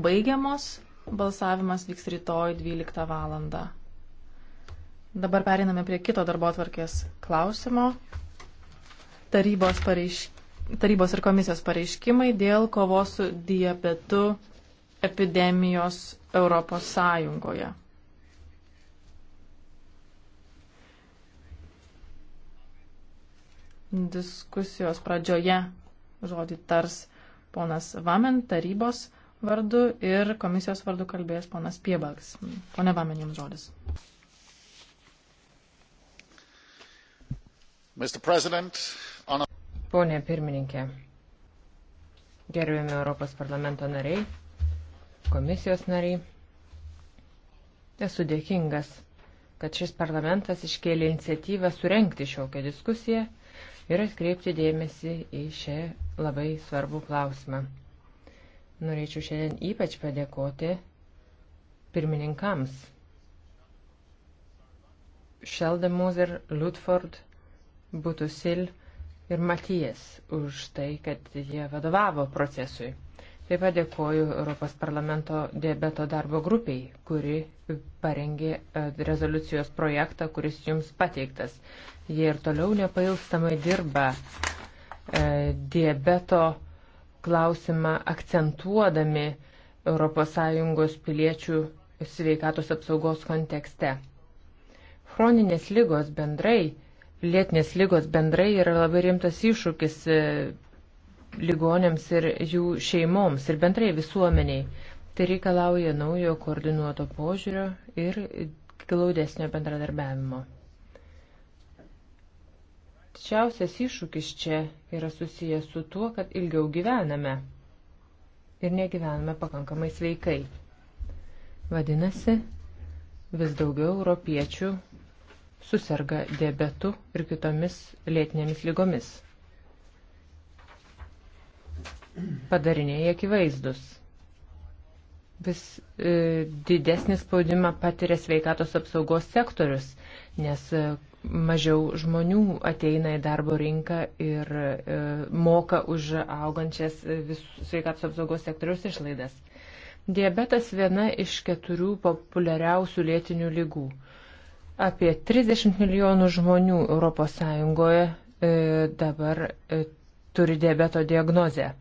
baigiamos. Balsavimas vyks rytoj 12 val. Dabar periname prie kito darbo atvarkės klausimo. Tarybos, pareiš... Tarybos ir komisijos pareiškimai dėl kovos su diabetu epidemijos Europos Sąjungoje. Diskusijos pradžioje žodį tars ponas Vamen, tarybos vardu ir komisijos vardu kalbės ponas Piebalgs. Pone Vamen, jums žodis. On... Pone pirmininkė, gerbiami Europos parlamento nariai, komisijos nariai, esu dėkingas, kad šis parlamentas iškėlė iniciatyvą surenkti šiokią diskusiją ir atkreipti dėmesį į šią labai svarbų klausimą. Norėčiau šiandien ypač padėkoti pirmininkams. Šeldemuzer, Lutford, Butusil ir Matijas už tai, kad jie vadovavo procesui. Taip pat dėkoju Europos parlamento diabeto darbo grupiai, kuri parengė e, rezoliucijos projektą, kuris jums pateiktas. Jie ir toliau nepailstamai dirba e, diabeto klausimą akcentuodami ES piliečių sveikatos apsaugos kontekste. Chroninės lygos bendrai, lėtinės lygos bendrai yra labai rimtas iššūkis e, ligonėms ir jų šeimoms ir bendrai visuomeniai. Tai reikalauja naujo koordinuoto požiūrio ir glaudesnio bendradarbiavimo didžiausias iššūkis čia yra susijęs su tuo, kad ilgiau gyvename ir negyvename pakankamai sveikai. Vadinasi, vis daugiau europiečių susirga diabetu ir kitomis lėtinėmis lygomis. Padariniai akivaizdus. Vis e, didesnį spaudimą patiria sveikatos apsaugos sektorius, nes mažiau žmonių ateina į darbo rinką ir e, moka už augančias visų sveikatos apsaugos sektoriaus išlaidas. Diabetas viena iš keturių populiariausių lėtinių lygų. Apie 30 milijonų žmonių ES e, dabar e, turi diabeto diagnozę.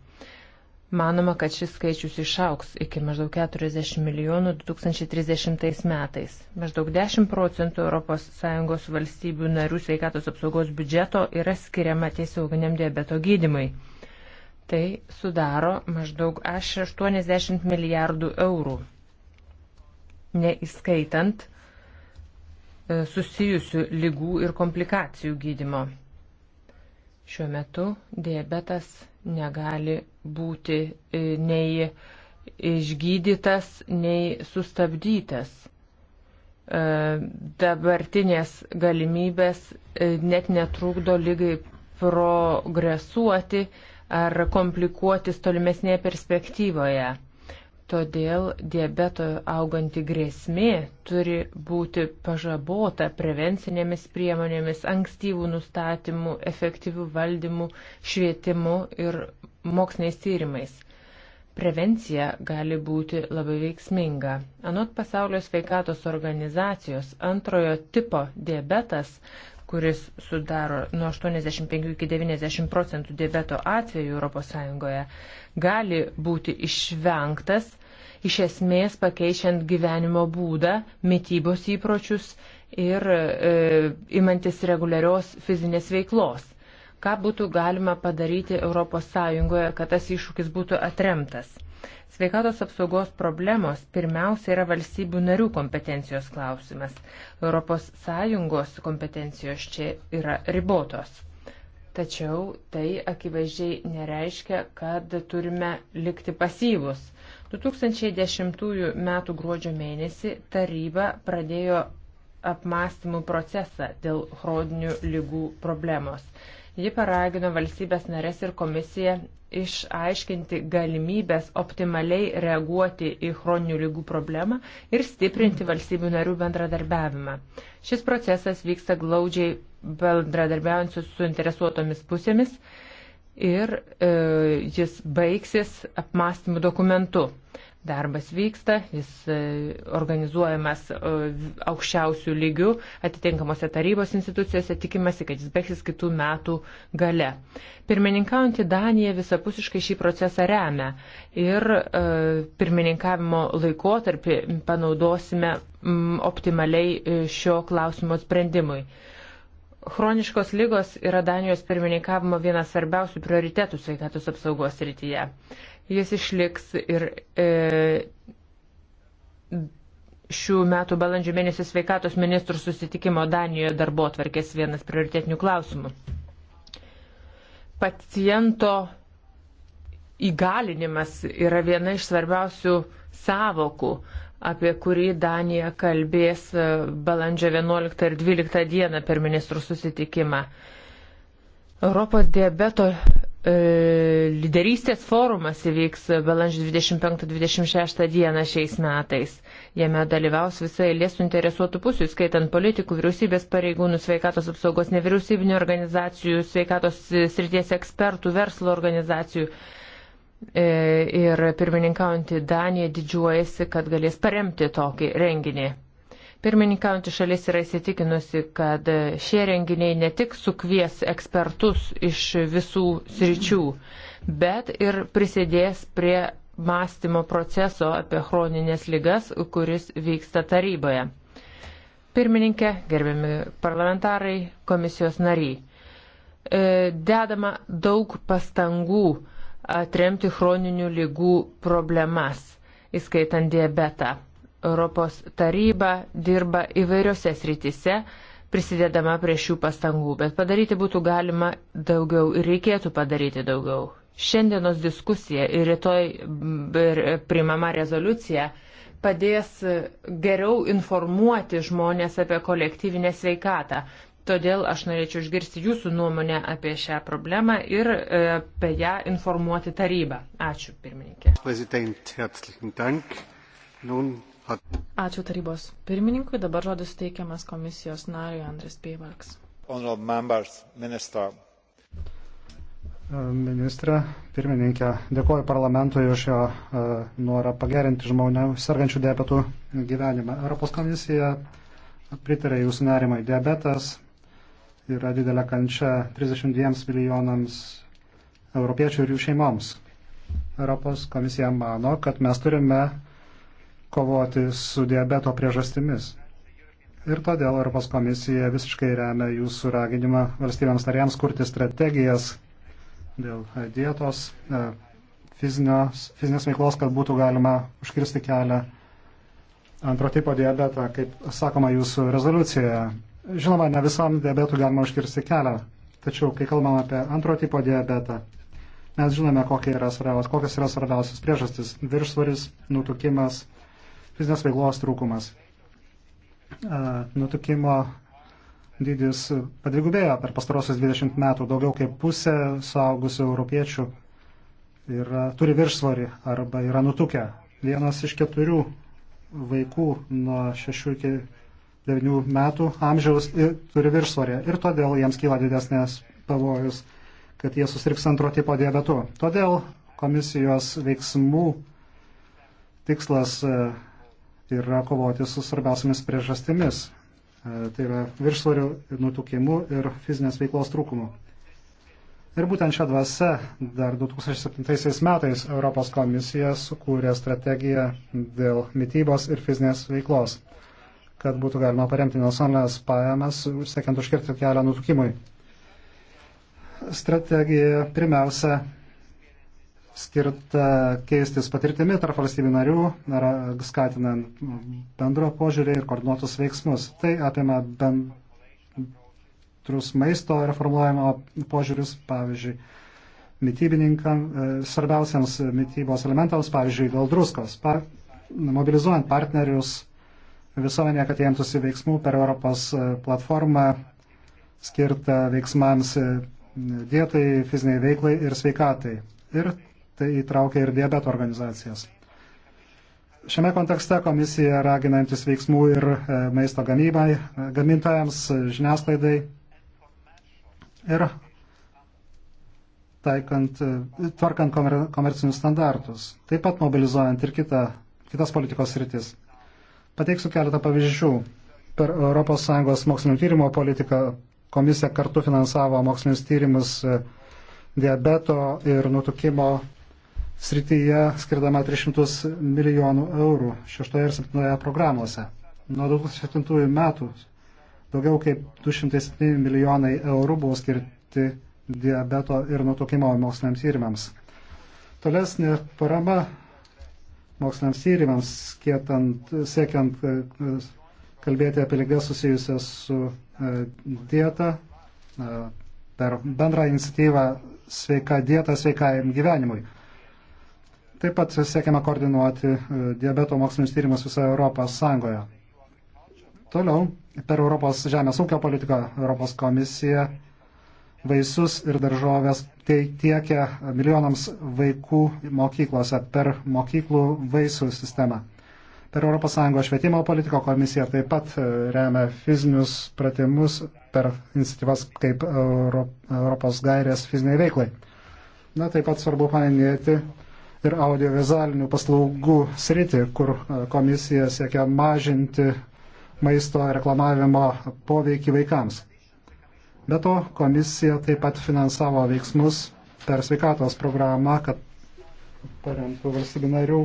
Manoma, kad šis skaičius išauks iki maždaug 40 milijonų 2030 metais. Maždaug 10 procentų ES valstybių narių sveikatos apsaugos biudžeto yra skiriama tiesioginiam diabeto gydimai. Tai sudaro maždaug 80 milijardų eurų, neįskaitant e, susijusių lygų ir komplikacijų gydimo. Šiuo metu diabetas negali būti e, nei išgydytas, nei sustabdytas. E, dabartinės galimybės e, net netrukdo lygai progresuoti ar komplikuotis tolimesnėje perspektyvoje. Todėl diabeto auganti grėsmė turi būti pažabota prevencinėmis priemonėmis, ankstyvų nustatymų, efektyvių valdymų, švietimu ir moksliniais tyrimais. Prevencija gali būti labai veiksminga. Anot pasaulio sveikatos organizacijos antrojo tipo diabetas, kuris sudaro nuo 85 iki 90 procentų diabeto atvejų ES, gali būti išvengtas iš esmės pakeičiant gyvenimo būdą, mytybos įpročius ir e, imantis reguliarios fizinės veiklos. Ką būtų galima padaryti ES, kad tas iššūkis būtų atremtas? Sveikatos apsaugos problemos pirmiausia yra valstybių narių kompetencijos klausimas. ES kompetencijos čia yra ribotos. Tačiau tai akivaizdžiai nereiškia, kad turime likti pasyvus. 2010 m. gruodžio mėnesį taryba pradėjo apmąstymų procesą dėl chroninių lygų problemos. Ji paragino valstybės narės ir komisiją išaiškinti galimybės optimaliai reaguoti į chroninių lygų problemą ir stiprinti valstybių narių bendradarbiavimą. Šis procesas vyksta glaudžiai bendradarbiaujant su suinteresuotomis pusėmis ir e, jis baigsis apmąstymų dokumentu. Darbas vyksta, jis e, organizuojamas e, aukščiausių lygių atitinkamose tarybos institucijose, tikimasi, kad jis baigsis kitų metų gale. Pirmininkaujantį Daniją visapusiškai šį procesą remia ir e, pirmininkavimo laikotarpį panaudosime m, optimaliai e, šio klausimo sprendimui. E, Chroniškos lygos yra Danijos pirmininkavimo vienas svarbiausių prioritetų sveikatos apsaugos rytyje. Jis išliks ir e, šių metų balandžio mėnesio sveikatos ministrų susitikimo Danijoje darbo atvarkės vienas prioritetinių klausimų. Paciento įgalinimas yra viena iš svarbiausių savokų apie kurį Danija kalbės e, balandžio 11 ir 12 dieną per ministrų susitikimą. Europos diabeto e, lyderystės forumas įvyks balandžio 25-26 dieną šiais metais. Jame dalyvaus visa eilė suinteresuotų pusių, skaitant politikų, vyriausybės pareigūnų, sveikatos apsaugos, nevyriausybinio organizacijų, sveikatos srities ekspertų, verslo organizacijų E, ir pirmininkaujantį Daniją didžiuojasi, kad galės paremti tokį renginį. Pirmininkaujantį šalis yra įsitikinusi, kad šie renginiai ne tik sukvies ekspertus iš visų sričių, bet ir prisidės prie mąstymo proceso apie chroninės ligas, kuris vyksta taryboje. Pirmininkė, gerbiami parlamentarai, komisijos nariai. E, dedama daug pastangų atremti chroninių lygų problemas, įskaitant diabetą. Europos taryba dirba įvairiose srityse, prisidedama prie šių pastangų, bet padaryti būtų galima daugiau ir reikėtų padaryti daugiau. Šiandienos diskusija ir rytoj primama rezoliucija padės geriau informuoti žmonės apie kolektyvinę sveikatą. Todėl aš norėčiau išgirsti jūsų nuomonę apie šią problemą ir e, apie ją informuoti tarybą. Ačiū, pirmininkė. Ačiū tarybos pirmininkui. Dabar žodis teikiamas komisijos nariui Andris Pievarks. Ministra, e, pirmininkė, dėkoju parlamentui už jo e, norą pagerinti žmonių sergančių diabetų gyvenimą. Europos komisija pritarė jūsų nerimai. Diabetas yra didelė kančia 32 milijonams europiečių ir jų šeimoms. Europos komisija mano, kad mes turime kovoti su diabeto priežastimis. Ir todėl Europos komisija visiškai remia jūsų raginimą valstybėms narėms kurti strategijas dėl dietos, e, fizinės, fizinės veiklos, kad būtų galima užkirsti kelią antro tipo diabetą, kaip sakoma jūsų rezoliucijoje. Žinoma, ne visam diabetui galima užkirsti kelią, tačiau kai kalbam apie antro tipo diabetą, mes žinome, kokie yra svarbiausios, kokios yra svarbiausios priežastis - viršsvaris, nutukimas, fizinės veiklos trūkumas. Nutukimo dydis padvigubėjo per pastarosius 20 metų, daugiau kaip pusė suaugusių europiečių yra, turi viršsvarį arba yra nutukę. Vienas iš keturių vaikų nuo 6 iki 9 metų amžiaus ir turi viršsvorį ir todėl jiems kyla didesnės pavojus, kad jie susirgs antro tipo diabetu. Todėl komisijos veiksmų tikslas e, yra kovoti su svarbiausiamis priežastimis. E, tai yra viršsvorių nutukimu ir fizinės veiklos trūkumu. Ir būtent šią dvasę dar 2007 metais Europos komisija sukūrė strategiją dėl mytybos ir fizinės veiklos kad būtų galima paremti nacionalinės pajamas, siekiant užkirti kelią nutukimui. Strategija pirmiausia skirta keistis patirtimi tarp valstybių narių, skatinant bendro požiūrį ir koordinuotus veiksmus. Tai apima bendrus maisto reformuojimo požiūrius, pavyzdžiui, mytybininkams, e, svarbiausiams mytybos elementams, pavyzdžiui, dėl druskos, pa, mobilizuojant partnerius visuomenė, kad jie imtųsi veiksmų per Europos e, platformą skirtą veiksmams e, dietai, fiziniai veiklai ir sveikatai. Ir tai įtraukia ir diabeto organizacijas. Šiame kontekste komisija raginantis veiksmų ir e, maisto gamybai, gamintojams, žiniasklaidai ir taikant, tvarkant komer, komercinius standartus, taip pat mobilizuojant ir kita, kitas politikos rytis. Pateiksiu keletą pavyzdžių. Per ES mokslinio tyrimo politiką komisija kartu finansavo mokslinius tyrimus e, diabeto ir nutukimo srityje skirdama 300 milijonų eurų šeštoje ir septintoje programuose. Nuo 2007 metų daugiau kaip 207 milijonai eurų buvo skirti diabeto ir nutukimo moksliniams tyrimams. Tolesnė parama moksliniams tyrimams, skietant, siekiant e, e, kalbėti apie lygas susijusias su e, dieta, per bendrą iniciatyvą sveika dieta sveikajam gyvenimui. Taip pat siekiama koordinuoti diabeto mokslinius tyrimus visoje Europos Sąjungoje. Toliau, per Europos žemės ūkio politiką Europos komisija vaisius ir daržovės tai tiekia milijonams vaikų mokyklose per mokyklų vaisių sistemą. Per ES švietimo politiko komisiją taip pat e, remia fizinius pratimus per iniciatyvas kaip Europos gairės fiziniai veiklai. Na, taip pat svarbu paminėti ir audiovizualinių paslaugų sritį, kur e, komisija siekia mažinti maisto reklamavimo poveikį vaikams. Be to, komisija taip pat finansavo veiksmus per sveikatos programą, kad paremtų valstybių narių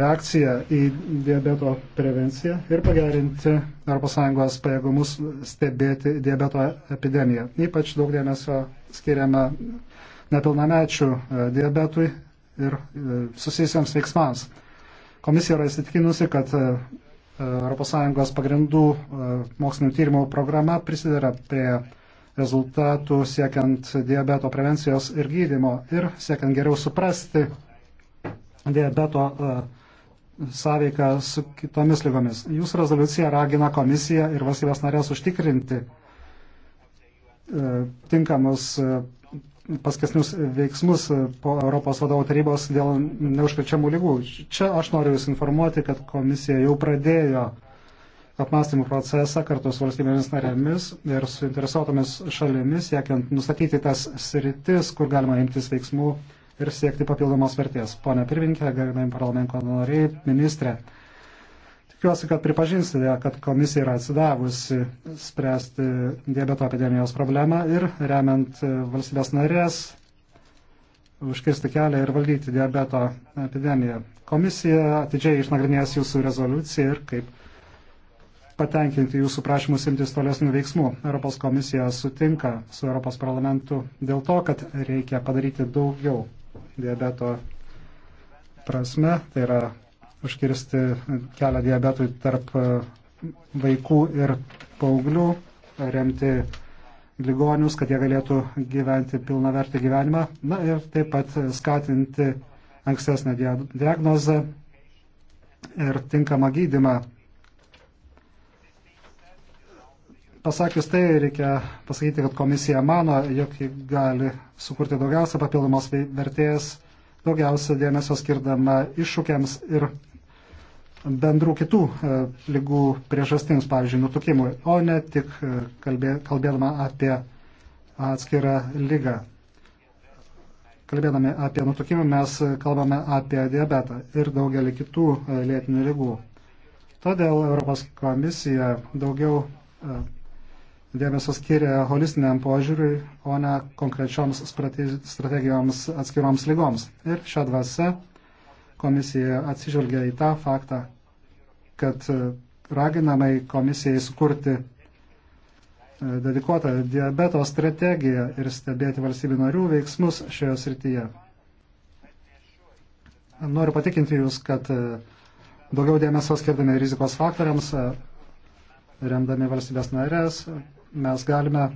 reakciją į diabeto prevenciją ir pagerinti ES pajėgumus stebėti diabeto epidemiją. Ypač daug dėmesio skiriame nepilnamečių diabetui ir susijusiems veiksmams. Komisija yra įsitikinusi, kad ES pagrindų e, mokslinių tyrimų programa prisideda prie rezultatų siekiant diabeto prevencijos ir gydimo ir siekiant geriau suprasti diabeto e, sąveiką su kitomis lygomis. Jūsų rezoliucija ragina komisiją ir valstybės narės užtikrinti e, tinkamus paskesnius veiksmus po Europos vadovų tarybos dėl neužkrečiamų lygų. Čia aš noriu Jūs informuoti, kad komisija jau pradėjo apmąstymų procesą kartu su valstybėmis narėmis ir suinteresuotomis šalimis, siekiant nustatyti tas sritis, kur galima imtis veiksmų ir siekti papildomos vertės. Pone pirmininkė, gerbėjim parlamento nariai, ministrė. Tikiuosi, kad pripažinsite, kad komisija yra atsidavusi spręsti diabeto epidemijos problemą ir remiant valstybės narės užkirsti kelią ir valdyti diabeto epidemiją. Komisija atidžiai išnagrinės jūsų rezoliuciją ir kaip patenkinti jūsų prašymus imtis tolesnių veiksmų. Europos komisija sutinka su Europos parlamentu dėl to, kad reikia padaryti daugiau diabeto prasme, tai yra užkirsti kelią diabetui tarp e, vaikų ir paauglių, remti ligonius, kad jie galėtų gyventi pilna vertį gyvenimą. Na ir taip pat skatinti ankstesnę diagnozę ir tinkamą gydimą. Pasakius tai, reikia pasakyti, kad komisija mano, jog ji gali sukurti daugiausia papildomos vertės, daugiausia dėmesio skirdama iššūkiams ir bendrų kitų e, lygų priežastims, pavyzdžiui, nutukimui, o ne tik e, kalbė, kalbėdama apie atskirą lygą. Kalbėdami apie nutukimą mes kalbame apie diabetą ir daugelį kitų e, lėtinių lygų. Todėl Europos komisija daugiau dėmesio skiria holistiniam požiūriui, o ne konkrečioms strategijoms atskiroms lygoms. Ir šią dvasę komisija atsižvelgia į tą faktą, kad e, raginamai komisijai sukurti e, dedikuotą diabeto strategiją ir stebėti valstybių narių veiksmus šioje srityje. Noriu patikinti Jūs, kad e, daugiau dėmesio skirdami rizikos faktoriams, remdami valstybės narės, mes galime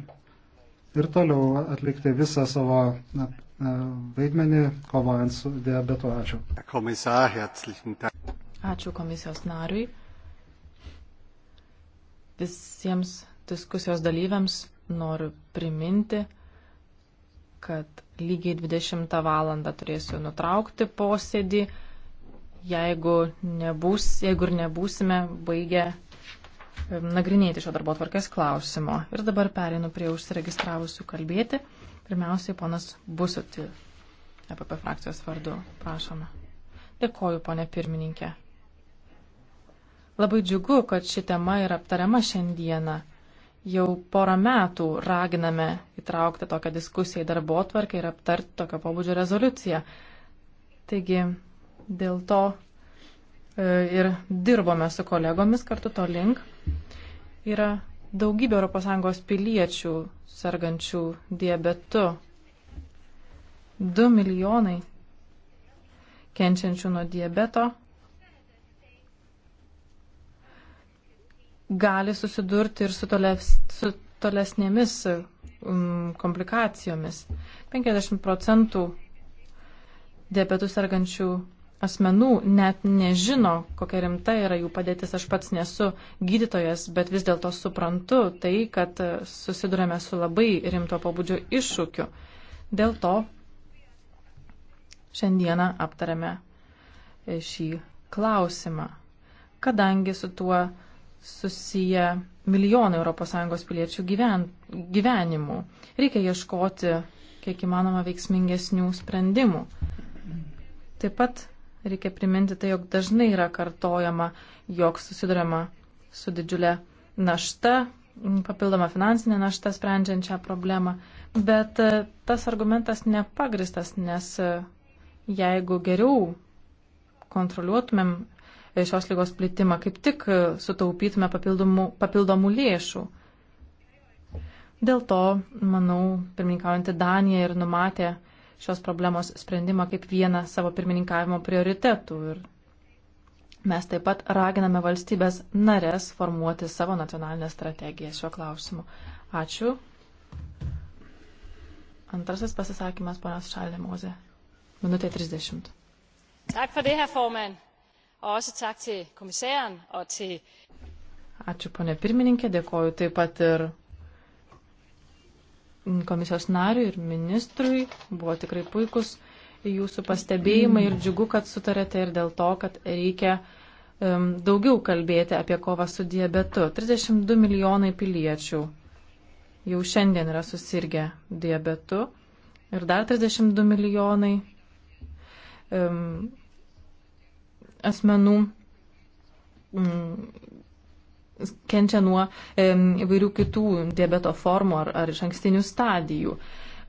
ir toliau atlikti visą savo vaidmenį, kovojant su diabetu. Ačiū. Komisar, Ačiū komisijos nariui, visiems diskusijos dalyviams noriu priminti, kad lygiai 20 val. turėsiu nutraukti posėdį, jeigu, nebūs, jeigu ir nebūsime baigę nagrinėti šio darbo tvarkės klausimo. Ir dabar perinu prie užsiregistravusių kalbėti. Pirmiausiai, ponas Busutį, EPP frakcijos vardu, prašome. Dėkoju, ponė pirmininkė. Labai džiugu, kad ši tema yra aptariama šiandieną. Jau porą metų raginame įtraukti tokią diskusiją į darbo atvarkę ir aptarti tokio pobūdžio rezoliuciją. Taigi dėl to e, ir dirbome su kolegomis kartu to link. Yra daugybė ES piliečių sergančių diabetu. 2 milijonai kenčiančių nuo diabeto gali susidurti ir su, toles, su tolesnėmis um, komplikacijomis. 50 procentų diabetų sergančių asmenų net nežino, kokia rimta yra jų padėtis. Aš pats nesu gydytojas, bet vis dėlto suprantu tai, kad susidurėme su labai rimto pabudžio iššūkiu. Dėl to šiandieną aptarėme šį klausimą, kadangi su tuo susiję milijonai ES piliečių gyven, gyvenimų. Reikia ieškoti kiek įmanoma veiksmingesnių sprendimų. Taip pat reikia priminti tai, jog dažnai yra kartojama, jog susidurima su didžiulė našta, papildoma finansinė našta sprendžiant šią problemą, bet e, tas argumentas nepagristas, nes e, jeigu geriau kontroliuotumėm šios lygos plitimą, kaip tik sutaupytume papildomų, papildomų lėšų. Dėl to, manau, pirmininkaujantį Daniją ir numatė šios problemos sprendimą kaip vieną savo pirmininkavimo prioritetų. Ir mes taip pat raginame valstybės narės formuoti savo nacionalinę strategiją šiuo klausimu. Ačiū. Antrasis pasisakymas, ponas Šalė Mozė. Minutė 30. Tak for det, herr formand. Og også tak til kommissæren og til. Ačiū, ponė pirmininkė, dėkoju taip pat ir komisijos nariui ir ministrui. Buvo tikrai puikus jūsų pastebėjimai ir džiugu, kad sutarėte ir dėl to, kad reikia um, daugiau kalbėti apie kovą su diabetu. 32 milijonai piliečių jau šiandien yra susirgę diabetu ir dar 32 milijonai um, asmenų mm, kenčia nuo įvairių kitų diabeto formų ar, ar iš ankstinių stadijų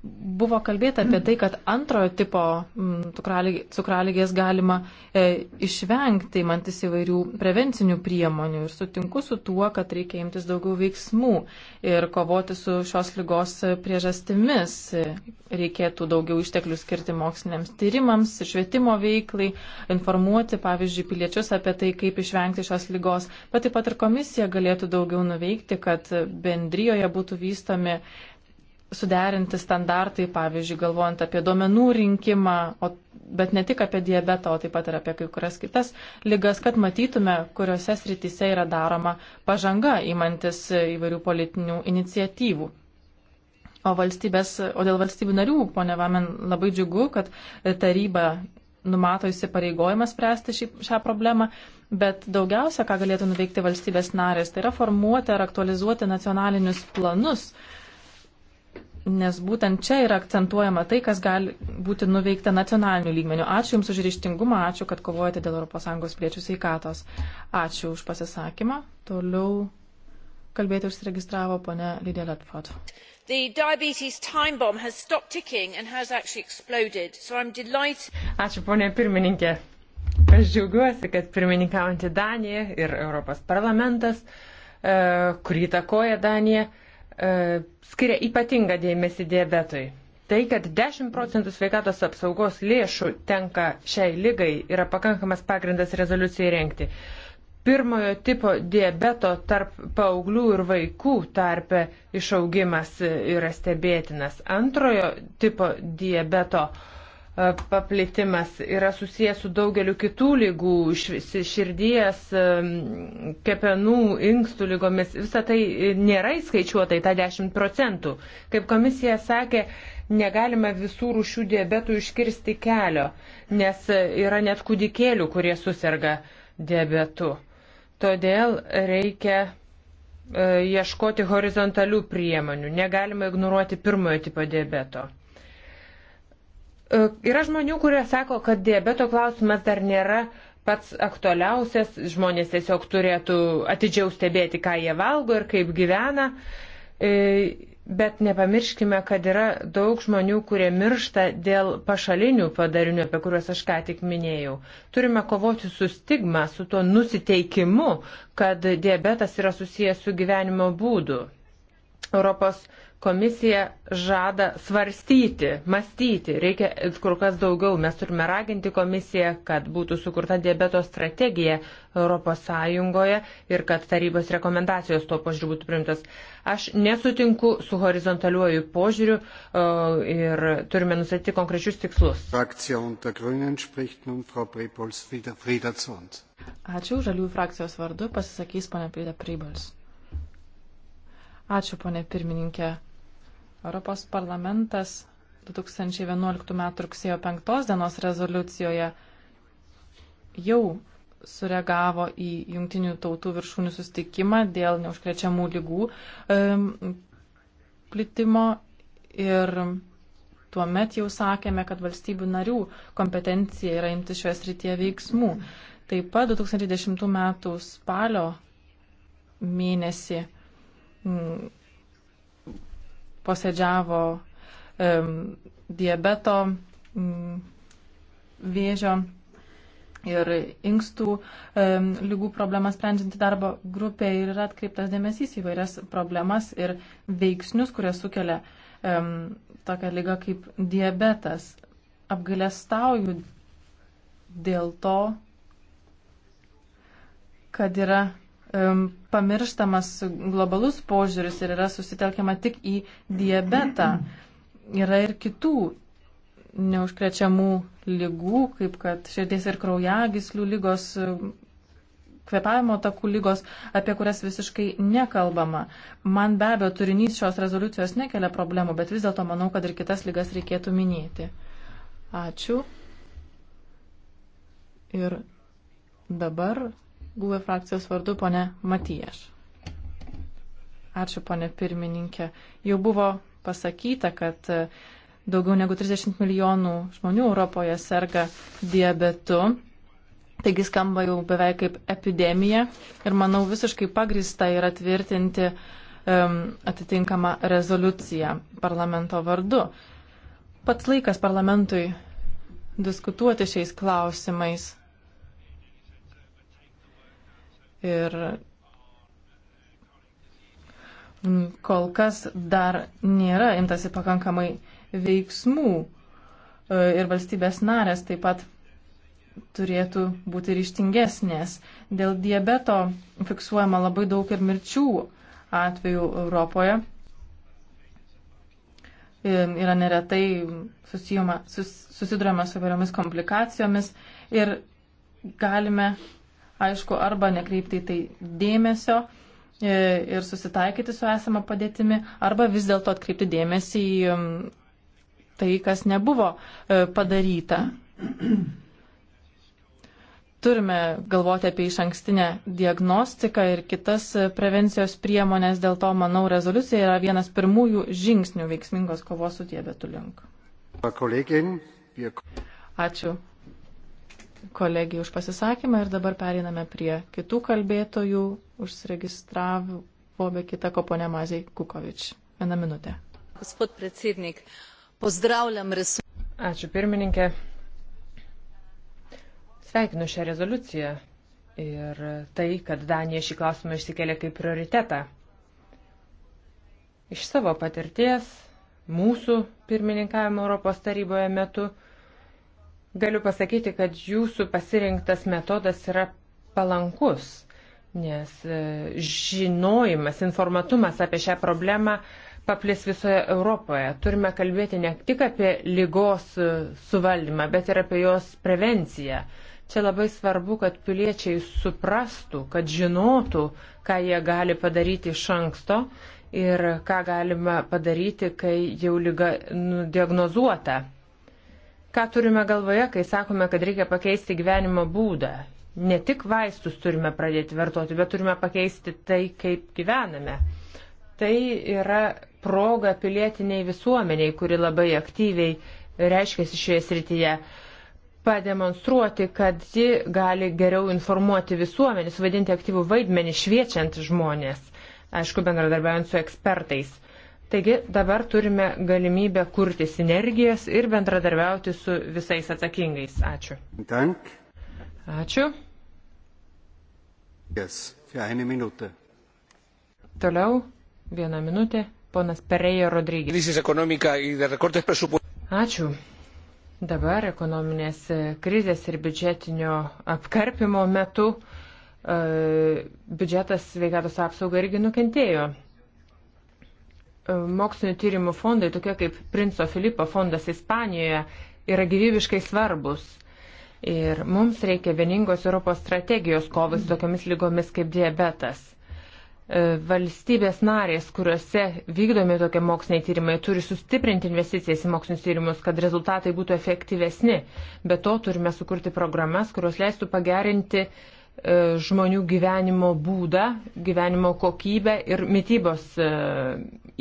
buvo kalbėta apie tai, kad antrojo tipo mm, cukraligės galima e, išvengti, mantis įvairių prevencinių priemonių. Ir sutinku su tuo, kad reikia imtis daugiau veiksmų ir kovoti su šios lygos e, priežastimis. Reikėtų daugiau išteklių skirti moksliniams tyrimams, švietimo veiklai, informuoti, pavyzdžiui, piliečius apie tai, kaip išvengti šios lygos. Bet taip pat ir komisija galėtų daugiau nuveikti, kad bendryjoje būtų vystomi suderinti standartai, pavyzdžiui, galvojant apie duomenų rinkimą, o, bet ne tik apie diabetą, o taip pat ir apie kai kurias kitas lygas, kad matytume, kuriuose srityse yra daroma pažanga įmantis įvairių politinių iniciatyvų. O, valstybės, o dėl valstybių narių, ponia Vamen, labai džiugu, kad taryba numato įsipareigojimą spręsti šį, šią problemą, bet daugiausia, ką galėtų nuveikti valstybės narės, tai yra formuoti ar aktualizuoti nacionalinius planus, uh, nes būtent čia yra akcentuojama tai, kas gali būti nuveikta nacionaliniu lygmeniu. Ačiū Jums už ryštingumą, ačiū, kad kovojate dėl ES piliečių sveikatos. Ačiū už pasisakymą. Toliau kalbėti užsiregistravo ponia Lidija Latford. So ačiū ponia pirmininkė. Aš džiaugiuosi, kad pirmininkaujantį Daniją ir Europos parlamentas, e, kurį takoja Danija, E, skiria ypatingą dėmesį diabetui. Tai, kad 10 procentų sveikatos apsaugos lėšų tenka šiai lygai, yra pakankamas pagrindas rezoliucijai renkti. Pirmojo tipo diabeto tarp paauglių ir vaikų tarpe išaugimas yra stebėtinas. Antrojo tipo diabeto uh, E, paplitimas yra susijęs su daugeliu kitų lygų, širdies, e, kepenų, inkstų lygomis. Visą tai nėra įskaičiuota į tą 10 procentų. Kaip komisija sakė, negalime visų rūšių diabetų iškirsti kelio, nes yra net kūdikėlių, kurie susirga diabetu. Todėl reikia e, ieškoti horizontalių priemonių. Negalima ignoruoti pirmojo tipo diabeto. E, yra žmonių, kurie sako, kad diabeto klausimas dar nėra pats aktualiausias, žmonės tiesiog turėtų atidžiau stebėti, ką jie valgo ir kaip gyvena. E, bet nepamirškime, kad yra daug žmonių, kurie miršta dėl pašalinių padarinių, apie kuriuos aš ką tik minėjau. Turime kovoti su stigma, su tuo nusiteikimu, kad diabetas yra susijęs su gyvenimo būdu. Europos Komisija žada svarstyti, mąstyti, reikia kur kas daugiau. Mes turime raginti komisiją, kad būtų sukurta diabeto strategija ES ir kad tarybos rekomendacijos tuo požiūriu būtų primtas. Aš nesutinku su horizontaliuoju požiūriu ir turime nusatyti konkrečius tikslus. Ačiū, žaliųjų frakcijos vardu pasisakys ponia Prida Prybals. Ačiū, ponė pirmininkė. Europos parlamentas 2011 m. rugsėjo 5 dienos rezoliucijoje jau sureagavo į jungtinių tautų viršūnių sustikimą dėl neužkrečiamų lygų plitimo ir tuo met jau sakėme, kad valstybių narių kompetencija yra imti šioje srityje veiksmų. Taip pat 2010 m. spalio mėnesį posėdžiavo um, diabeto um, vėžio ir inkstų um, lygų problemas sprendžianti darbo grupė ir yra atkreiptas dėmesys į vairias problemas ir veiksnius, kurie sukelia um, tokią lygą kaip diabetas. Apgailestauju dėl to, kad yra pamirštamas globalus požiūris ir yra susitelkiama tik į diabetą. Yra ir kitų neužkrečiamų lygų, kaip kad širdies ir kraujagyslių lygos, kvepavimo takų lygos, apie kurias visiškai nekalbama. Man be abejo, turinys šios rezoliucijos nekelia problemų, bet vis dėlto manau, kad ir kitas lygas reikėtų minėti. Ačiū. Ir dabar GUE frakcijos vardu ponė Matijaš. Ačiū ponė pirmininkė. Jau buvo pasakyta, kad e, daugiau negu 30 milijonų žmonių Europoje serga diabetu. Taigi skamba jau beveik kaip epidemija ir manau visiškai pagrįsta yra tvirtinti um, atitinkamą rezoliuciją parlamento vardu. Pats laikas parlamentui diskutuoti šiais klausimais Ir kol kas dar nėra imtasi pakankamai veiksmų ir valstybės narės taip pat turėtų būti ryštingesnės. Dėl diabeto fiksuojama labai daug ir mirčių atvejų Europoje. Yra neretai susijoma, sus, susidurama su įvairiomis komplikacijomis ir galime aišku, arba nekreipti į tai dėmesio e, ir susitaikyti su esama padėtimi, arba vis dėlto atkreipti dėmesį į tai, kas nebuvo e, padaryta. Turime galvoti apie iš ankstinę diagnostiką ir kitas e, prevencijos priemonės, dėl to, manau, rezoliucija yra vienas pirmųjų žingsnių veiksmingos kovos su diabetu link. Ačiū kolegijai už pasisakymą ir dabar pereiname prie kitų kalbėtojų. Užsiregistravo be kita ko ponė Mazai Kukovič. Vieną minutę. Ačiū pirmininkė. Sveikinu šią rezoliuciją ir tai, kad Danija šį klausimą išsikėlė kaip prioritetą. Iš savo patirties mūsų pirmininkavimo Europos taryboje metu Galiu pasakyti, kad jūsų pasirinktas metodas yra palankus, nes e, žinojimas, informatumas apie šią problemą paplis visoje Europoje. Turime kalbėti ne tik apie lygos e, suvaldymą, bet ir apie jos prevenciją. Čia labai svarbu, kad piliečiai suprastų, kad žinotų, ką jie gali padaryti iš anksto ir ką galima padaryti, kai jau lyga nu, diagnozuota. Ką turime galvoje, kai sakome, kad reikia pakeisti gyvenimo būdą? Ne tik vaistus turime pradėti vartoti, bet turime pakeisti tai, kaip gyvename. Tai yra proga pilietiniai visuomeniai, kuri labai aktyviai reiškiasi šioje srityje, pademonstruoti, kad ji gali geriau informuoti visuomenį, suvaidinti aktyvų vaidmenį, šviečiant žmonės, aišku, bendradarbiaujant su ekspertais. Taigi dabar turime galimybę kurti sinergijas ir bendradarbiauti su visais atsakingais. Ačiū. Dank. Ačiū. Yes, Toliau vieną minutę. Ponas Pereja Rodrygis. Ačiū. Dabar ekonominės krizės ir biudžetinio apkarpimo metu e, biudžetas sveikatos apsauga irgi nukentėjo mokslinio tyrimų fondai, tokie kaip Princo Filipo fondas Ispanijoje, yra gyvybiškai svarbus. Ir mums reikia vieningos Europos strategijos kovai su tokiamis lygomis kaip diabetas. E, valstybės narės, kuriuose vykdomi tokie moksliniai tyrimai, turi sustiprinti investicijas į mokslinius tyrimus, kad rezultatai būtų efektyvesni. Be to turime sukurti programas, kurios leistų pagerinti uh, E, žmonių gyvenimo būdą, gyvenimo kokybę ir mytybos e,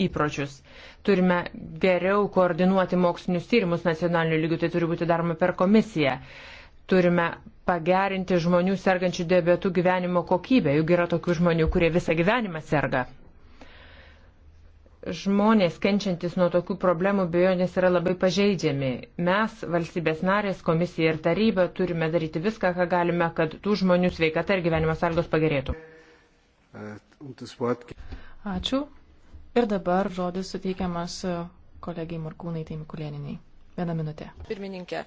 įpročius. Turime geriau koordinuoti mokslinius tyrimus nacionaliniu lygiu, tai turi būti daroma per komisiją. Turime pagerinti žmonių sergančių diabetų gyvenimo kokybę, juk yra tokių žmonių, kurie visą gyvenimą serga žmonės kenčiantis nuo tokių problemų be jo nes yra labai pažeidžiami. Mes, valstybės narės, komisija ir taryba, turime daryti viską, ką galime, kad tų žmonių sveikata ir gyvenimo sąlygos pagerėtų. Ačiū. Ir dabar žodis suteikiamas kolegijai Markūnai Taimikulėniniai. Vieną minutę. Pirmininkė,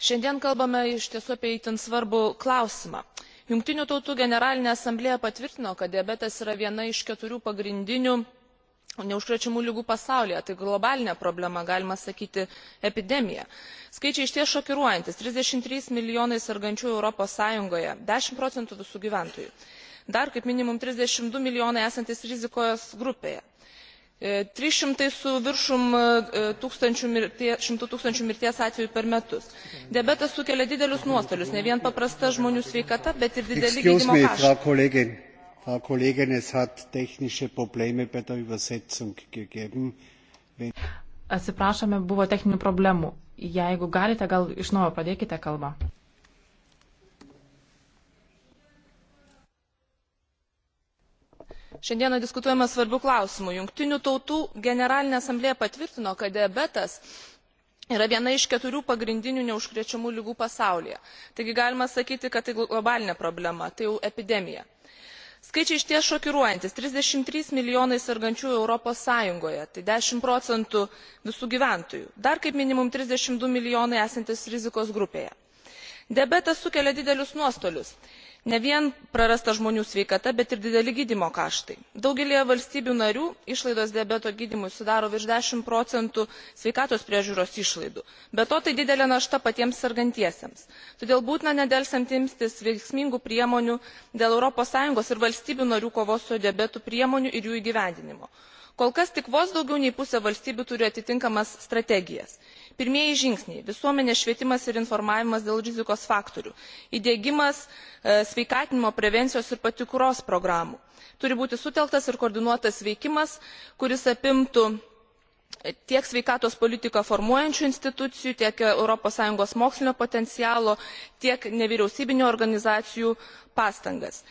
šiandien kalbame iš tiesų apie įtin svarbų klausimą jungtinių tautų generalinė asamblėja patvirtino kad diabetas yra viena iš keturių pagrindinių neužkrečiamų ligų pasaulyje tai globalinė problema galima sakyti epidemija. skaičiai išties šokiruojantys trisdešimt trys milijonai sergančiųjų europos sąjungoje dešimt procentų visų gyventojų dar kaip minimum trisdešimt du milijonai esantys rizikos grupėje e, trys šimtai su viršum e, šimtų tūkstančių mirties atvejų per metus. diabetas sukelia didelius nuostolius ne vien paprasta žmonių sveikata bet ir dideli gydymo kaštai frau kollegin es hat technische probleme bei der übersetzung gegeben. atsiprašome buvo techninių problemų jeigu galite gal iš naujo pradėkite kalbą. šiandieną diskutuojame svarbiu klausimu jungtinių tautų generalinė asamblėja patvirtino kad diabetas yra viena iš keturių pagrindinių neužkrečiamų ligų pasaulyje taigi galima sakyti kad tai globalinė problema tai jau epidemija skaičiai išties šokiruojantys trisdešimt trys milijonai sergančiųjų europos sąjungoje tai dešimt procentų visų gyventojų dar kaip minimum trisdešimt du milijonai esantys rizikos grupėje. diabetas sukelia didelius nuostolius ne vien prarasta žmonių sveikata bet ir dideli gydymo kaštai. daugelyje valstybių narių išlaidos diabeto gydymui sudaro virš dešimt procentų sveikatos priežiūros išlaidų be to tai didelė našta patiems sergantiesiems todėl būtina nedelsiant imtis veiksmingų priemonių dėl europos sąjungos ir valstybių narių kovos su diabetu priemonių ir jų įgyvendinimo. kol kas tik vos daugiau nei pusė valstybių turi atitinkamas strategijas pirmieji žingsniai visuomenės švietimas ir informavimas dėl rizikos faktorių įdiegimas e, sveikatinimo prevencijos ir patikros programų turi būti sutelktas ir koordinuotas veikimas kuris apimtų tiek sveikatos politiką formuojančių institucijų tiek europos sąjungos mokslinio potencialo tiek nevyriausybinių organizacijų pastangas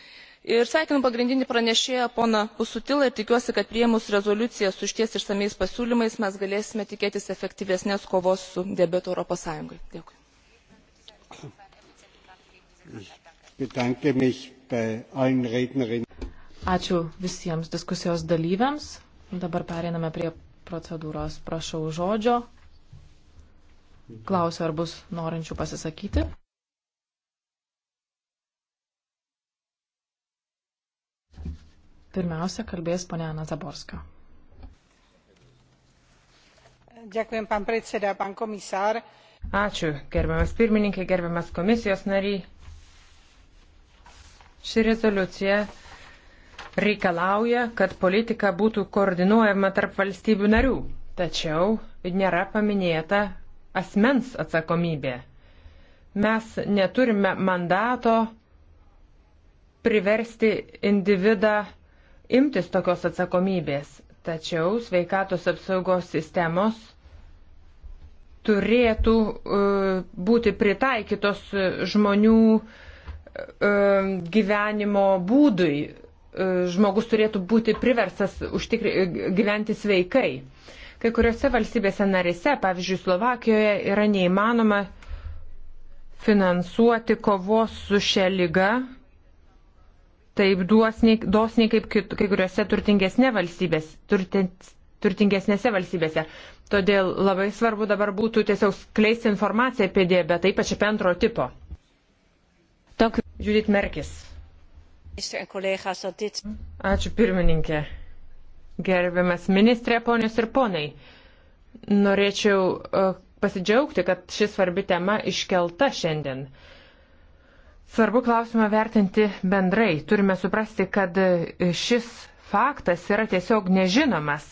ir sveikinu pagrindinį pranešėją poną busuttilą ir tikiuosi kad priėmus rezoliuciją su išties išsamiais pasiūlymais mes galėsime tikėtis efektyvesnės kovos su diabetu europos sąjungoje. Ačiū visiems diskusijos dalyviams. Dabar pereiname prie procedūros. Prašau žodžio. Klausiu, ar bus norinčių pasisakyti. Pirmiausia, kalbės ponia Ana Zaborska. Ďakujem, pán predseda, pán komisár. Ačiū, gerbiamas pirmininkė, gerbiamas komisijos nariai. Ši rezoliucija reikalauja, kad politika būtų koordinuojama tarp valstybių narių, tačiau nėra paminėta asmens atsakomybė. Mes neturime mandato priversti individą imtis tokios atsakomybės, tačiau sveikatos apsaugos sistemos turėtų e, būti pritaikytos žmonių e, gyvenimo būdui. E, žmogus turėtų būti priversas užtikri, gyventi sveikai. Kai kuriuose valstybėse narise, pavyzdžiui, Slovakijoje, yra neįmanoma finansuoti kovos su šia lyga taip duosniai, dosniai kaip kai kuriuose turtingesnė valstybės, turtins, turtingesnėse valstybėse. Todėl labai svarbu dabar būtų tiesiog skleisti informaciją apie diabetą, ypač apie antro tipo. Tokiu Judith Merkis. Ačiū pirmininkė. Gerbiamas ministrė, ponios ir ponai. Norėčiau uh, pasidžiaugti, kad ši svarbi tema iškelta šiandien. Uh, Svarbu klausimą vertinti bendrai. Turime suprasti, kad šis faktas yra tiesiog nežinomas.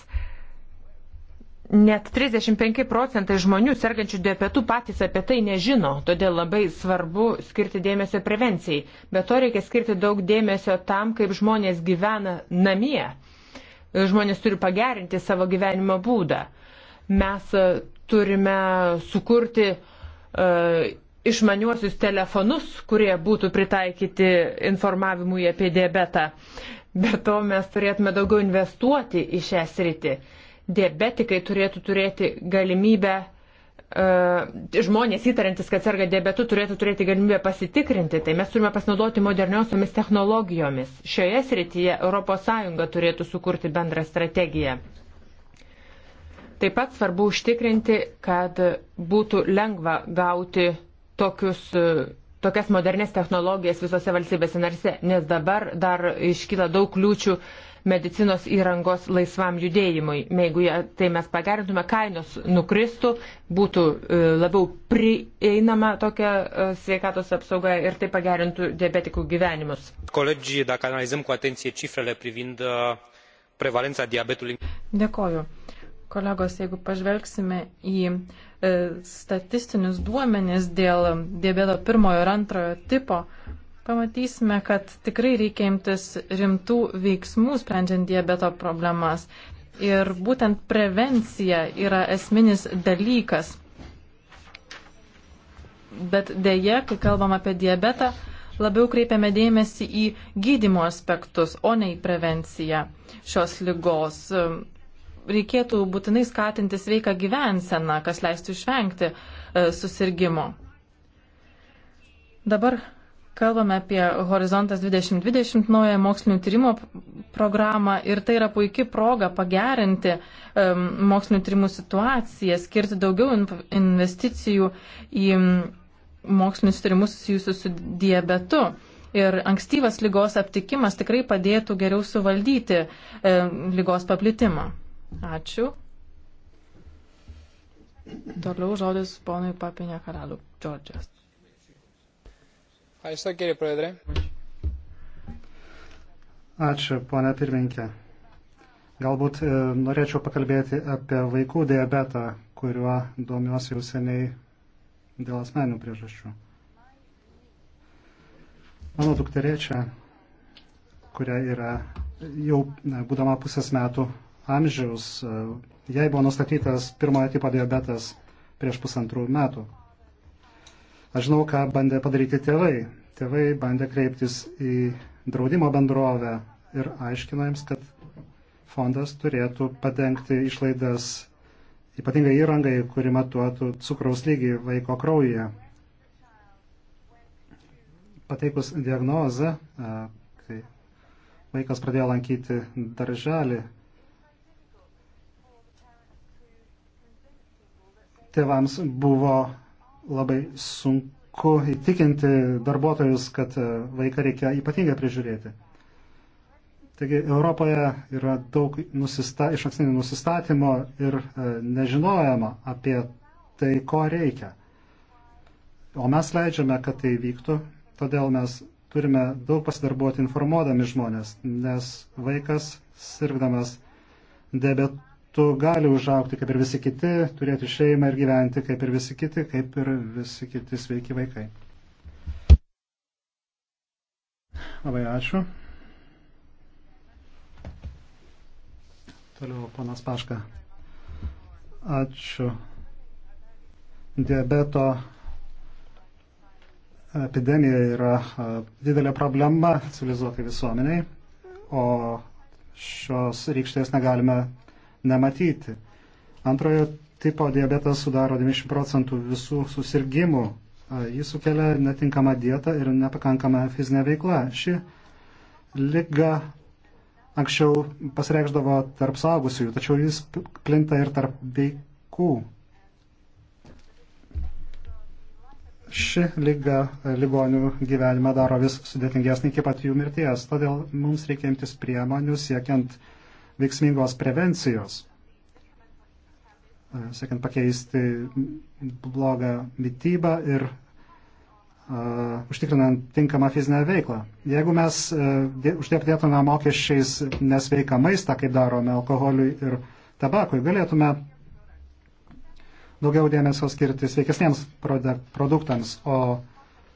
Net 35 procentai žmonių sergančių diabetu patys apie tai nežino, todėl labai svarbu skirti dėmesio prevencijai. Be to reikia skirti daug dėmesio tam, kaip žmonės gyvena namie. Žmonės turi pagerinti savo gyvenimo būdą. Mes turime sukurti uh, išmaniuosius telefonus, kurie būtų pritaikyti informavimui apie diabetą. Be to mes turėtume daugiau investuoti į šią sritį. Diabetikai turėtų turėti galimybę, e, žmonės įtarantis, kad serga diabetu, turėtų turėti galimybę pasitikrinti. Tai mes turime pasinaudoti moderniosiomis technologijomis. Šioje srityje ES turėtų sukurti bendrą strategiją. Taip pat svarbu užtikrinti, kad būtų lengva gauti tokius, e, tokias modernės technologijas visose valstybėse narse, nes dabar dar iškyla daug kliūčių medicinos įrangos laisvam judėjimui. Jeigu tai mes pagerintume, kainos nukristų, būtų e, labiau prieinama tokia e, sveikatos apsauga ir tai pagerintų diabetikų gyvenimus. Kolegijai, dacă analizăm cu atenție cifrele privind prevalența diabetului. Dėkoju. Uh, Kolegos, jeigu pažvelgsime į e, statistinius duomenis dėl diabeto pirmojo ir antrojo tipo, pamatysime, kad tikrai reikia imtis rimtų veiksmų sprendžiant diabeto problemas. Ir būtent prevencija yra esminis dalykas. Bet dėje, kai kalbam apie diabetą, labiau kreipiame dėmesį į gydimo aspektus, o ne į prevenciją šios lygos reikėtų būtinai skatinti sveiką gyvenseną, kas leistų išvengti e, susirgymo. Dabar kalbame apie Horizontas 2020 naują mokslinių tyrimų programą ir tai yra puikia proga pagerinti um, mokslinių tyrimų situaciją, skirti daugiau investicijų į mokslinius tyrimus susijusius su diabetu. Ir ankstyvas lygos aptikimas tikrai padėtų geriau suvaldyti e, lygos paplitimą. Ačiū. Toliau žodis ponui Papinė karalių Džordžas. Ačiū, kėrė pradrė. Ačiū, ponė pirminkė. Galbūt e, norėčiau pakalbėti apie vaikų diabetą, kuriuo domiuosi jau seniai dėl asmenių priežasčių. Mano dukterėčia, kuria yra jau būdama pusės metų amžiaus, e, jai buvo nustatytas pirmojo tipo diabetas prieš pusantrų metų. Aš žinau, ką bandė padaryti tėvai. Tėvai bandė kreiptis į draudimo bendrovę ir aiškino jiems, kad fondas turėtų padengti išlaidas ypatingai įrangai, kuri matuotų cukraus lygį vaiko kraujyje. Pateikus diagnozę, e, kai vaikas pradėjo lankyti darželį, tėvams buvo labai sunku įtikinti darbuotojus, kad e, vaiką reikia ypatingai prižiūrėti. Taigi Europoje yra daug nusista, iš ankstinio nusistatymo ir e, nežinojama apie tai, ko reikia. O mes leidžiame, kad tai vyktų, todėl mes turime daug pasidarbuoti informuodami žmonės, nes vaikas sirgdamas diabetu tu gali užaukti kaip ir visi kiti, turėti šeimą ir gyventi kaip ir visi kiti, kaip ir visi kiti sveiki vaikai. Labai ačiū. Toliau panas Paška. Ačiū. Diabeto epidemija yra didelė problema civilizuotai visuomeniai, o šios rykštės negalime nematyti. Antrojo tipo diabetas sudaro 90 procentų visų susirgymų. Jis sukelia netinkamą dietą ir nepakankama fizinė veikla. Ši lyga anksčiau pasireikždavo tarp saugusiųjų, tačiau jis plinta ir tarp veikų. ši lyga ligonių gyvenimą daro vis sudėtingesnį iki pat jų mirties. Todėl mums reikia imtis priemonių siekiant veiksmingos prevencijos, e, siekiant pakeisti blogą mytybą ir uh, užtikrinant tinkamą fizinę veiklą. Jeigu mes uh, uždėpdėtume mokesčiais nesveiką maistą, kaip darome alkoholiui ir tabakui, galėtume daugiau dėmesio skirti sveikesniems produktams, o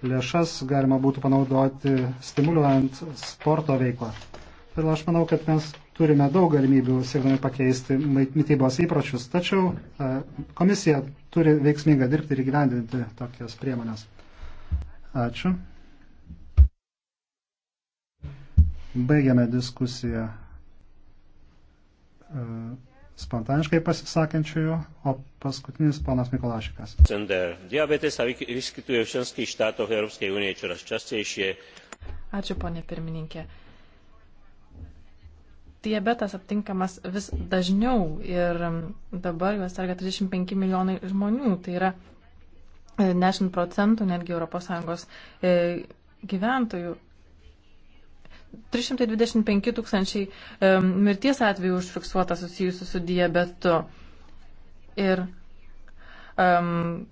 lėšas galima būtų panaudoti stimuliuojant sporto veiklą. Todėl aš manau, kad mes turime daug galimybių siekdami pakeisti mytybos įpročius, tačiau e, komisija turi veiksmingai dirbti ir gyvendinti tokias priemonės. Ačiū. Baigiame diskusiją e, spontaniškai pasisakančiųjų, o paskutinis ponas Mikolašikas. Diabetes vyskytuje v členských štátoch Európskej únie čoraz častejšie. Ačiū, ponė pirmininkė. Diabetas aptinkamas vis dažniau ir dabar juos serga 35 milijonai žmonių, tai yra 10 e, procentų netgi ES e, gyventojų. 325 tūkstančiai e, mirties atvejų užfiksuota susijusių su diabetu. Ir um,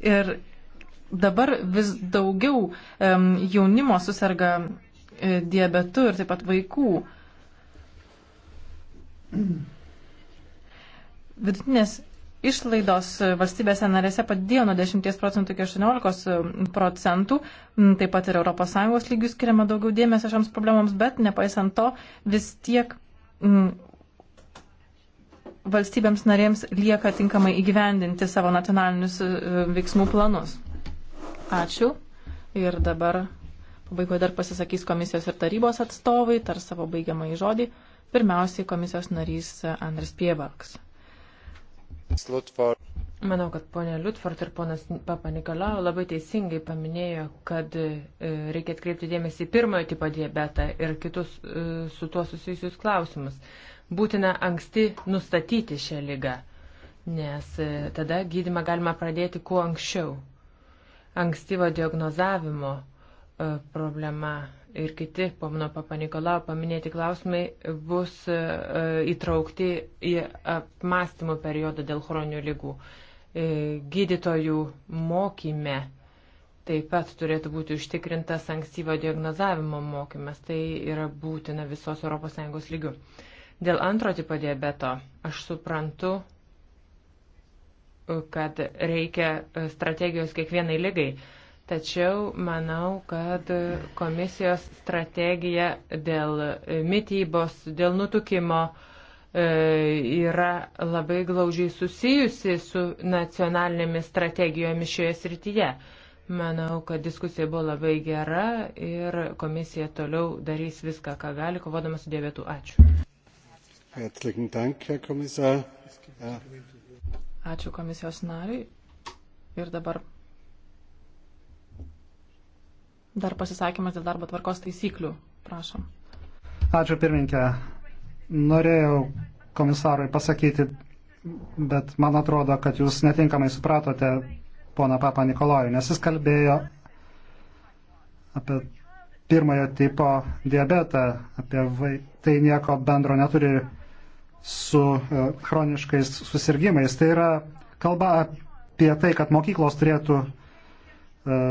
Ir dabar vis daugiau um, jaunimo susirga e, diabetu ir taip pat vaikų. Vidutinės išlaidos valstybėse narėse padėjo nuo 10 procentų iki 18 e, procentų, mm, taip pat ir ES lygių skiriama daugiau dėmesio šiams problemams, bet nepaisant to vis tiek m, mm, valstybėms narėms lieka tinkamai įgyvendinti savo nacionalinius e, veiksmų planus. Ačiū. Ir dabar pabaigoje dar pasisakys komisijos ir tarybos atstovai, tar savo baigiamąjį žodį. Pirmiausiai komisijos narys Andris Piebarks. Manau, kad ponė Liutford ir ponas Papanikolau labai teisingai paminėjo, kad e, reikia atkreipti dėmesį į pirmojo tipo diabetą ir kitus e, su tuo susijusius klausimus. Būtina anksti nustatyti šią lygą, nes e, tada gydimą galima pradėti kuo anksčiau ankstyvo diagnozavimo e, problema ir kiti, pomno papa Nikolau, paminėti klausimai bus e, įtraukti į apmąstymų periodą dėl chroninių lygų. E, gydytojų mokyme taip pat turėtų būti užtikrintas ankstyvo diagnozavimo mokymas. Tai yra būtina visos ES lygių. Dėl antro tipo diabeto aš suprantu kad reikia e, strategijos kiekvienai lygai. Tačiau manau, kad e, komisijos strategija dėl e, mytybos, dėl nutukimo yra labai glaužiai susijusi su nacionalinėmis strategijomis šioje srityje. Manau, kad diskusija buvo labai gera ir komisija toliau darys viską, ką gali, kovodama su diabetu. Ačiū. Herzlichen Dank, Herr Kommissar. Ja. Ačiū komisijos nariui. Ir dabar dar pasisakymas dėl darbo tvarkos taisyklių. Prašom. Ačiū pirminkė. Norėjau komisarui pasakyti, bet man atrodo, kad jūs netinkamai supratote poną Papą Nikolojų, nes jis kalbėjo apie pirmojo tipo diabetą, apie vai... tai nieko bendro neturi su e, chroniškais susirgymais. Tai yra kalba apie tai, kad mokyklos turėtų e,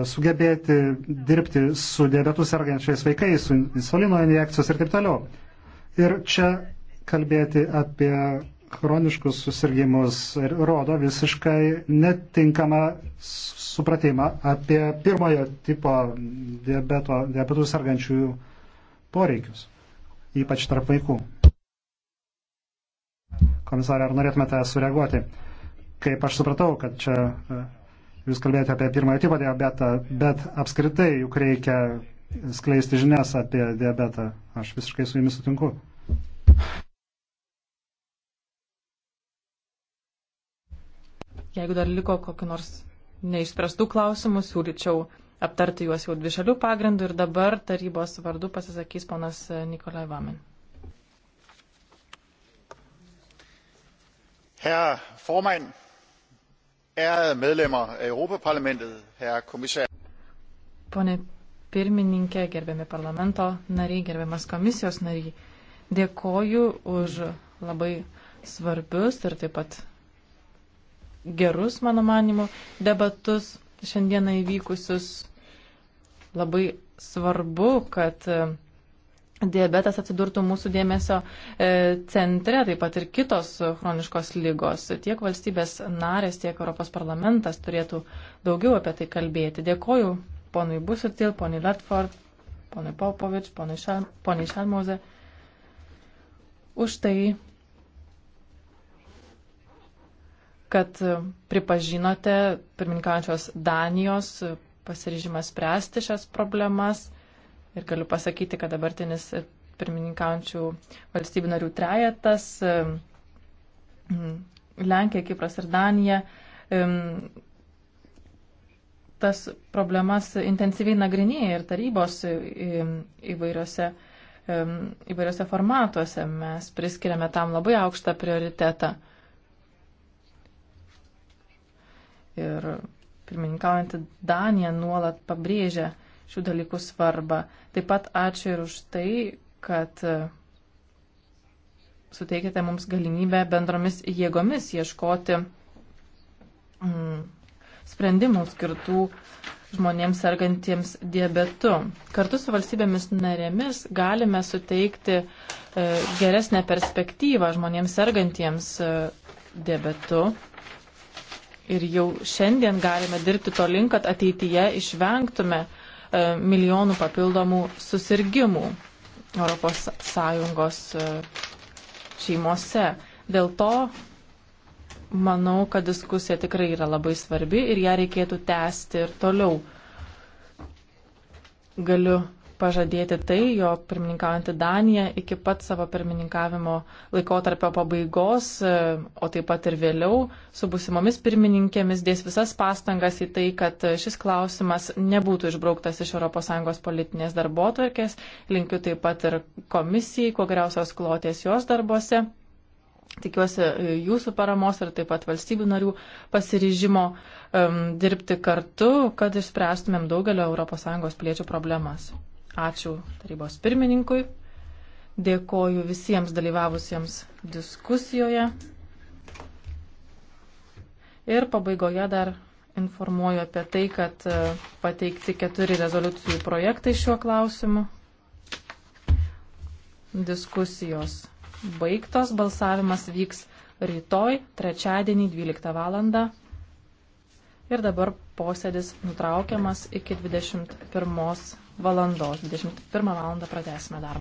sugebėti dirbti su diabetu sergančiais vaikais, su insulino injekcijos ir taip toliau. Ir čia kalbėti apie chroniškus susirgymus rodo visiškai netinkamą supratimą apie pirmojo tipo diabeto, diabetų sergančiųjų poreikius, ypač tarp vaikų. Komisarė, ar norėtumėte sureaguoti? Kaip aš supratau, kad čia e, jūs kalbėjote apie pirmojo tipo diabetą, bet apskritai juk reikia skleisti žinias apie diabetą. Aš visiškai su jumis sutinku. Jeigu dar liko kokiu nors neišspręstų klausimų, siūlyčiau aptarti juos jau dvišalių pagrindų ir dabar tarybos vardu pasisakys ponas Nikolai Vamen. herre formand ærede medlemmer af europa parlamentet herre kommissær pone pirmininke gerbiami parlamento nariai gerbiamas komisijos nariai dėkoju už labai svarbius ir taip pat gerus mano manimu debatus šiandieną įvykusius labai svarbu kad diabetas atsidurtų mūsų dėmesio e, centre, taip pat ir kitos chroniškos lygos. Tiek valstybės narės, tiek Europos parlamentas turėtų daugiau apie tai kalbėti. Dėkoju ponui Busutil, ponui Ledford, ponui Paupovič, ponui, Šal, ponui Šalmoze už tai, kad pripažinote pirmininkaujančios Danijos pasiryžimą spręsti šias problemas Ir galiu pasakyti, kad dabartinis e, pirmininkaujančių valstybių narių trejetas e, Lenkija, Kipras ir Danija e, tas problemas intensyviai nagrinėja ir tarybos įvairiose, įvairiose formatuose. Mes priskiriame tam labai aukštą prioritetą. Ir pirmininkaujantį Daniją nuolat pabrėžia šių dalykų svarbą. Taip pat ačiū ir už tai, kad e, suteikite mums galimybę bendromis jėgomis ieškoti mm, sprendimų skirtų žmonėms sergantiems diabetu. Kartu su valstybėmis narėmis galime suteikti e, geresnę perspektyvą žmonėms sergantiems e, diabetu. Ir jau šiandien galime dirbti to link, kad ateityje išvengtume e, E, milijonų papildomų susirgymų ES e, šeimose. Dėl to manau, kad diskusija tikrai yra labai svarbi ir ją reikėtų tęsti ir toliau. Galiu pažadėti tai, jo pirmininkaujantį Daniją iki pat savo pirmininkavimo laikotarpio pabaigos, e, o taip pat ir vėliau su busimomis pirmininkėmis dės visas pastangas į tai, kad e, šis klausimas nebūtų išbrauktas iš ES politinės darbo atvarkės. Linkiu taip pat ir komisijai, kuo geriausios klotės jos darbose. Tikiuosi e, jūsų paramos ir taip pat valstybių narių pasiryžimo um, dirbti kartu, kad išspręstumėm daugelio ES piliečių problemas. Ačiū tarybos pirmininkui. Dėkoju visiems dalyvavusiems diskusijoje. Ir pabaigoje dar informuoju apie tai, kad e, pateikti keturi rezoliucijų projektai šiuo klausimu. Diskusijos baigtos, balsavimas vyks rytoj, trečiadienį 12 val. Ir dabar posėdis nutraukiamas iki 21 valandos. 21 valandą pratęsime darbą.